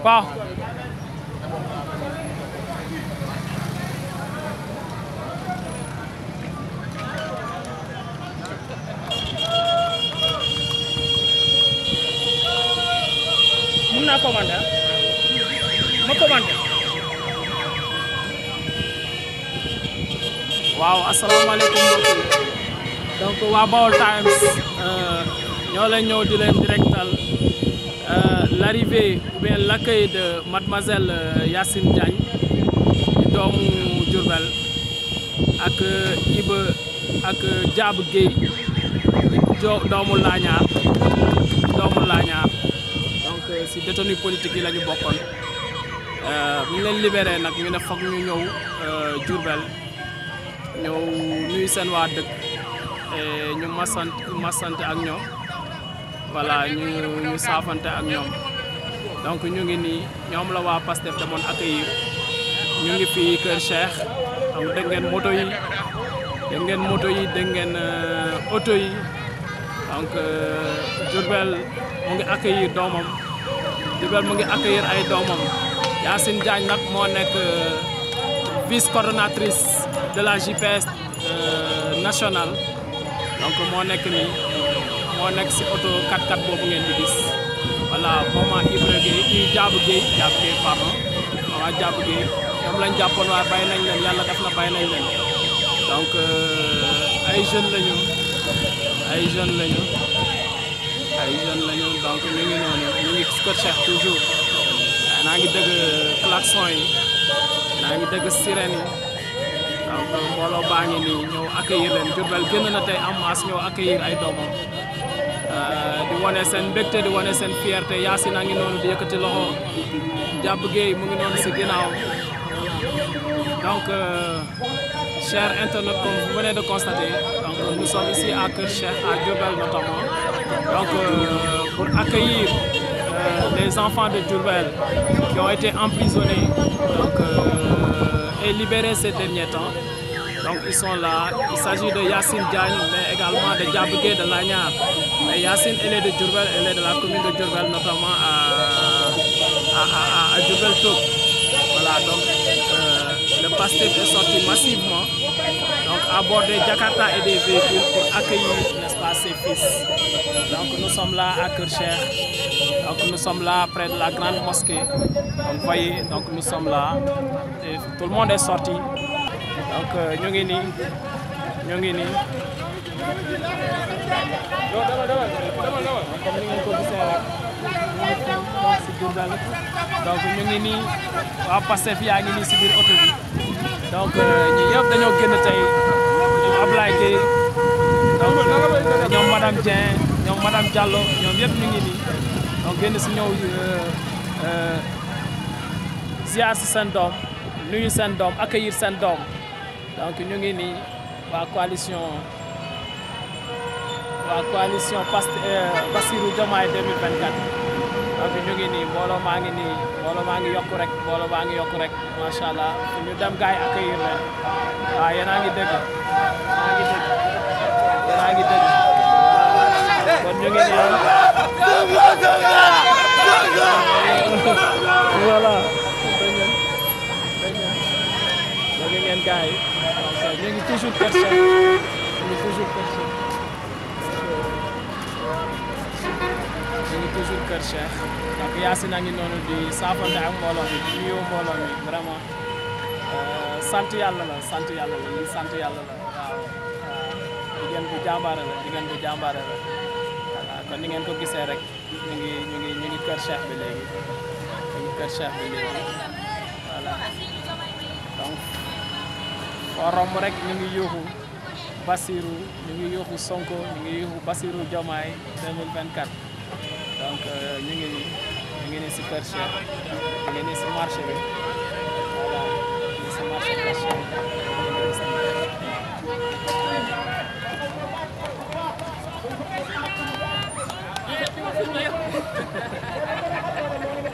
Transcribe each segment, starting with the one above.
Pa. mun naa ah? commandé waaw asalaamaaleykum mbokk donc waa Baol Times euh, ñoo leen ñëw di leen directal. Euh, l'arrivée ou bien l'accueil de mademoiselle euh, Yacine Diagne doomu Diourbel ak euh, Iba ak Diab Guèye doomu Laañaar doomu Laañaar donc si détenu politique yi la ñu bokkoon bu ñu leen libéré nag ñu ne foog ñu ñëw Diourbel ñëw ñuy seen waa dëkk ñu masante ak ñoom voilà ñu ñu saafante ak ñoom donc ñu ngi nii ñoom la waa Pastef demoon accueillir ñu ngi fi Kër Cheikh am dégg moto yi dégg moto yi dégg ngeen oto euh, yi donc euh, Diourbel mu ngi accueillir doomam Diourbel mu ngi accueillir ay doomam Yacine Diagne nag moo nekk euh, vice coordonnatrice de la JPS nationale donc moo nekk nii. moo nekk si oto 4x4 boobu ngeen di gis voilà Mama Ibra Gueye kii Diabou Gueye Diabou Gueye pardon waaw Diabou Gueye ñoom lañ jàppoon waaye bàyyi nañ leen yàlla def na bàyyi nañ euh, jeunes lañu ay ay jeunes lañu donc ñu ngi noonu ñu ngi Kër Cheikh toujours naa ngi dégg klaxon yi naa ngi dégg sirène yi donc mbooloo baa ngi nii ñëw accueillir leen Diourbel génn na tey en masse ñëw accueillir ay doomam. Euh, di wane seen mbégte di wane seen fierté Yacine a ngi noonu di yëkkati loxo jàpp Gueye mu ngi noonu si ginnaaw donc euh, chers internautes comme vous venez de constater donc nous sommes ici à Kër Cheikh à Diourbel notamment donc euh, pour accueillir euh, les enfants de Diourbel qui ont été emprisonnés donc euh, et libérés temps Donc ils sont là. Il s'agit de Yacine Diagne, mais également de Diabougué de Lagnar. Mais Yacine, elle est de Djurbel, elle est de la commune de Djurbel, notamment à, à, à, à Djurbel Voilà, donc euh, le pasteur est sorti massivement donc à bord de Jakarta et des véhicules pour accueillir, n'est-ce pas, ses fils. Donc nous sommes là à Kercher. Donc nous sommes là près de la grande mosquée. Donc vous voyez, donc nous sommes là. Et tout le monde est sorti. donc euh, ñu ngi nii ñu ngi nii non dama dama ni ngeen ñu ngi nii waa Pastef yaa ngi nii si biir oto bi donc euh, ñi yëpp dañoo génn tey ñoom Ablaye Gueye donc euh, ñoom madame Dieng ñoom madame ñu ngi nii donc génn si ñëw ziar si seen doom nuyu seen doom accueillir seen doom donc ñu ngi nii waa coalition waa coalition past euh, Bassirou Diomaye 2024 donc ñu ngi nii mbooloo maa ngi nii mbooloo maa ngi yokku rek mbooloo maa ngi yokku rek macha allah ñu dem gars yi accueillir leen waaw a ngi dégg yéen a ngi dégg yéen a ngi dégg kon ñu ngi nii voilà. dégg ngeen gars yi. ñu ngi toujours personne ñu ngi toujours personne ñu ngi toujours kër Cheikh donc Yacine a ngi noonu di saafante ak mbooloo mi di nuyu mbooloo mi vraiment euh, sant yàlla la sant yàlla la lii sant yàlla la waaw jigéen bu jàmbaare la jigéen bu jàmbaare la voilà kon ni ngeen ko gisee rek ñu ngi ñu ngi ñu ngi kër Cheikh bi léegi ñu ngi kër Cheikh bi léegi. foo romb rek ñu ngi yuuxu Bassirou ñu ngi yuuxu Sonko ñu ngi yuuxu Bassirou Diomaye 2024 donc euh, ñu ngi nii ñu ngi nii si Kër Cheikh ñu ngi nii si marché bi voilà ñu ngi si marché Kër Cheikh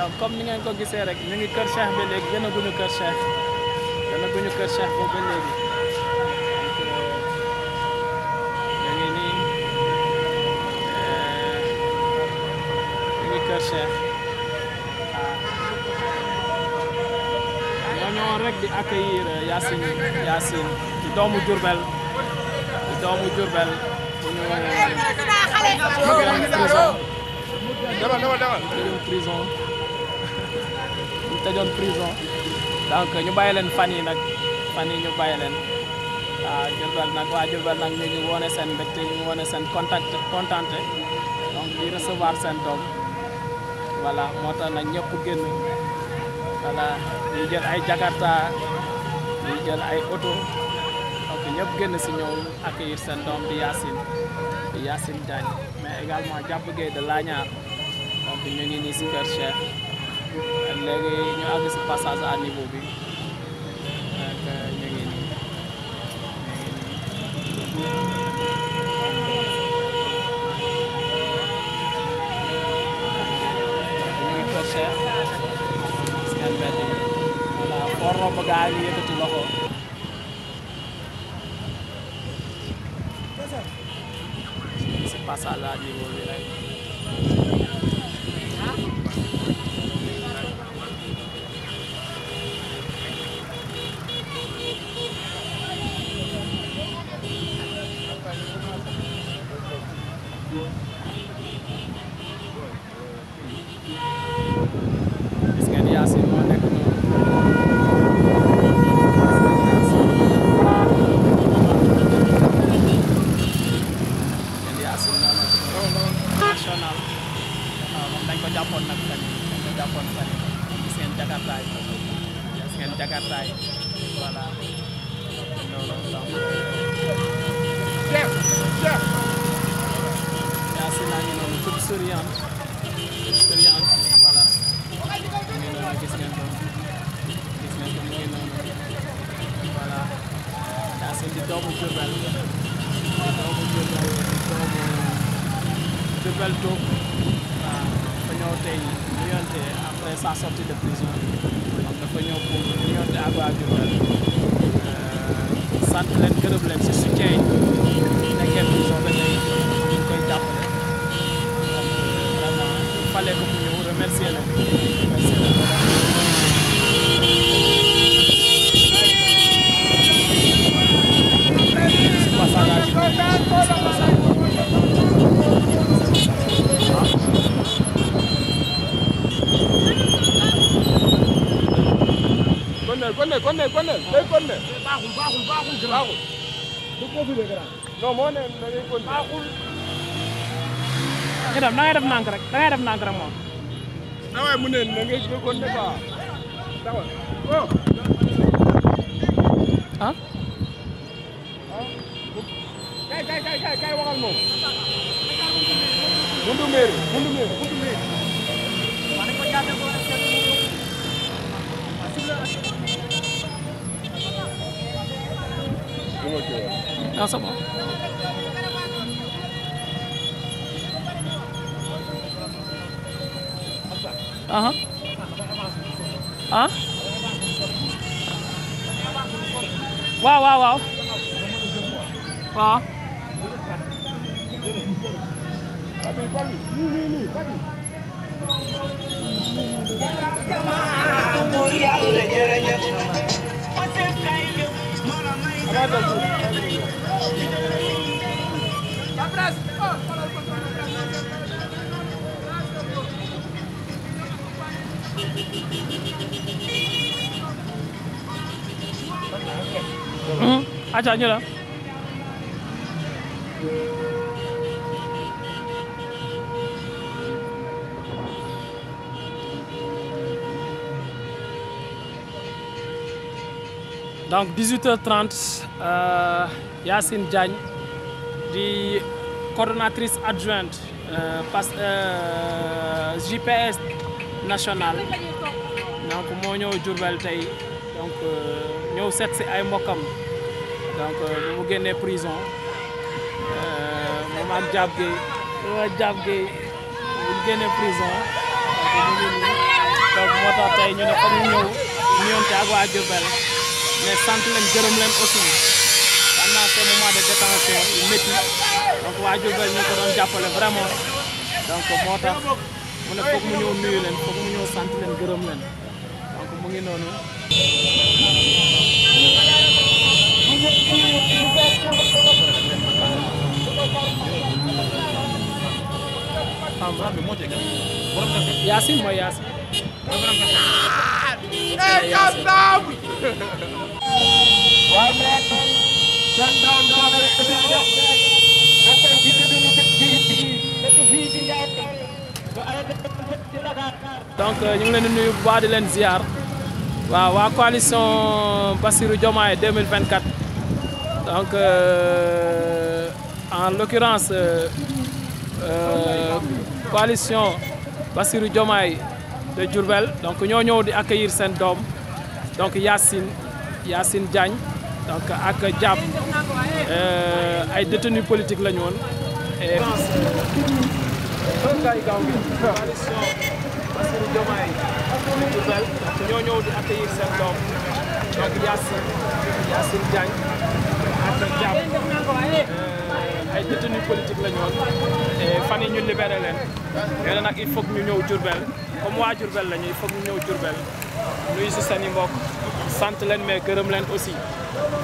donc comme ni ngeen ko gisee rek ñu ngi kër Cheikh ba léegi gën a guñu kër Cheikh gën a guñu kër Cheikh ba ba léegi euh, ñu ngi nii euh, ñu ngi kër Cheikh waaw ñoo rek di accueillir euh, Yacine Yacine di doomu Diourbel di doomu Diourbel bu ñu prison prison tëjoon prison ñu bàyyi leen fan yi nag fan yi ñu bàyyi leen waaw ah, Diourbel nag waa Diourbel nag ñu ngi wone seen mbégte ñu wone seen contact contenté donc di recevoir seen doom voilà moo tax nag ñëpp génn voilà ñuy jël ay jakarta ñuy jël ay oto donc ñëpp génn si ñëw accueillir seen doom di Yacine di Yacine Diagne mais également jàpp gay de Laañaar donc ñu ngi nii si kër Cheikh léegi ñu àgg si passage à niveau bi donc euh, ñu ngi nii ñu ngi nii romb gaa yi yëkkati loxo si passage à niveau bi jakarta yi voilà Cheikh Cheikh yaa si naa ngi noonu pour soriant soriant voilà ngi noonu gis ngeen ko gis ngeen ko noonu voilà yaa si di doomu Diourbel doomu Diourbel doomu Diourbel toog waaw après sa sortie de prison dafa ñëw pour ñëw di abaat di euh, sant leen gërëm leen si kon ne kon ne day kon ne. baaxul baaxul baaxul grand. baaxul. du confirmé grand. non moo ne da ngay kon baaxul. nga def da ngay def nànk rek da ngay def nànk rek moom. ah waaye mu ne da ngay da kon ne quoi. dawal oh. ah. ah. kay kay kay kay kay waxal moom. buntu mairie buntu mairie buntu mairie. waaw dañ ko jaajëfal. Non, c'est bon. Ah ah. ah? waaw ah. aca ñu la donc 18h30 euh, Yacine Diagne di coordonnatrice adjointe euh, parce euh, JPS donc moo ñëw Diourbel tey donc euh, ñëw seet si ay mbokkam donc euh, bu mu génnee prison euh, moom am jàpp gi ma jàpp gi mu génnee prison donc moo tax ñu ne comme ñu ñëw ñëwante ak waa Diourbel mais sant leen gërëm leen aussi am naa ce moment de détention yu métti donc ko doon jàppale vraiment donc moo tax mu ne mu ñëw nuyu leen mu ñëw sant leen gërëm mu ngi noonu. Yaasin mooy Yaasin. donc euh, ñu ngi leen di nuyu bu baax leen ziar waaw waa coalition Bassirou Diomaye 2024 donc euh, en l'occurrence euh, euh, coalition Bassirou de Diourbel donc ñoo ñëw di accueillir seen doom donc Yacine Yacine Diagne donc ak Diab euh, ay détenus politiques la ñu woon et ñoo ñëw di accueillir seen donc Yacine Yacine Diagne ak ay détenus politique la ñu woon fan yi ñu libéré leen mais nag il faut ñu ñëw Diourbel comme waa Diourbel la ñu il faut ñu ñëw Diourbel nuyu si seen i sant leen mais gërëm leen aussi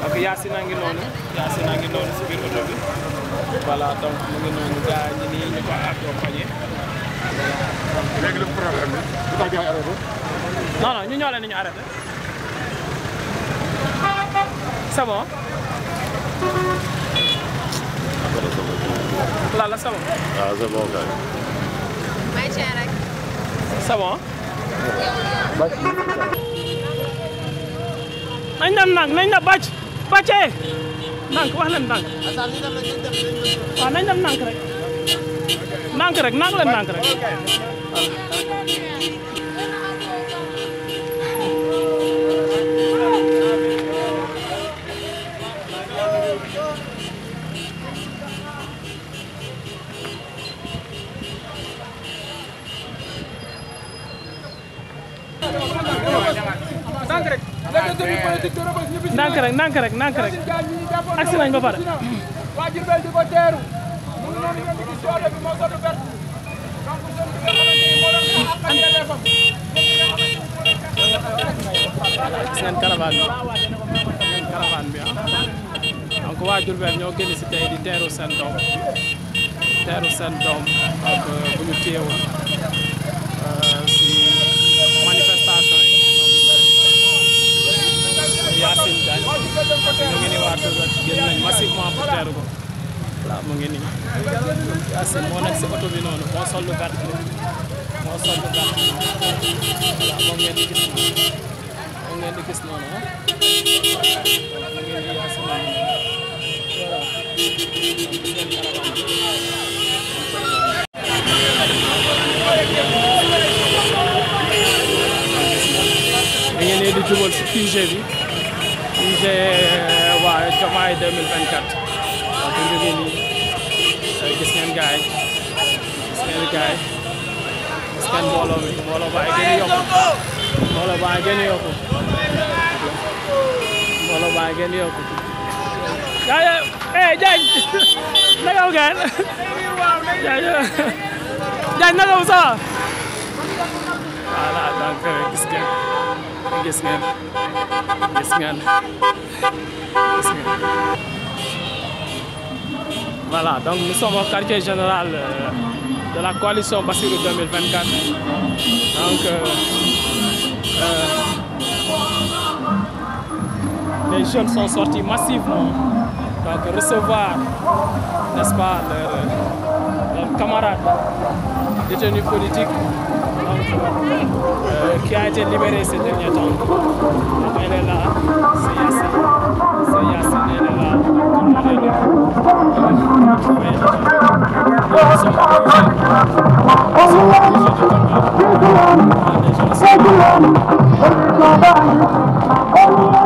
parce que Yacine a ngi noonu Yacine ngi noonu si biir oto bi voilà donc mu ngi noonu gars ñi nii ñu ko accompagné. ñu ñoo leen para sobą. Lala sobą. A sobą, okej. Majcierek. Sobą? Bać. Nañ dem nag nañ na bàcc bàccee eh! rek ndànk rek ndànk leen ndànk rek ndànk rek ndànk rek ndànk nañ ba pare. waa Diourbel di teeru mu ngi noonu ngeen di bi moo sotu vert donc seen bi ak ak yelleefam seen caravane bi seen caravane bi ah donc waa Diourbel ñoo génn si tey di teeru seen doom teeru seen doom donc bu ñu te ñu ngi ni waa Touba génn nañ massivement pour teeru ko voilà mu ngi nii as moo nekk si oto bi noonu moo sol lu gàtt moo sol lu gàtt moom ngeen di gis noonu moom ngeen di gis noonu ah mu ngi nii as noonu voilà. da ngeen di jubal si QG bi. sujet waa Diomaye 2024 donc ñu jógee nii gis ngeen gaay gis ngeen gaay gis ngeen mbooloo mi mbooloo baa ngi gën a yokku mbooloo baa ngi gën a yokku mbooloo baa ngi gën a yokku jaajëf eh jaajëf naka wu ngeen jaajëf jaajëf naka wu ça voilà donc gis ngeen gis ngeen gis ngeen gis ngeen voilà donc nous sommes au quartier euh, de la coalition Bassirou euh, euh, jeunes sont sortis massivement donc recevoir nest pas leurs leur camarades détenus euh, qui a été libéré ces derniers temps. Elle est là, c'est Yassine. C'est Yassine, elle est là. Tout le monde est là. Nous sommes obligés de combat.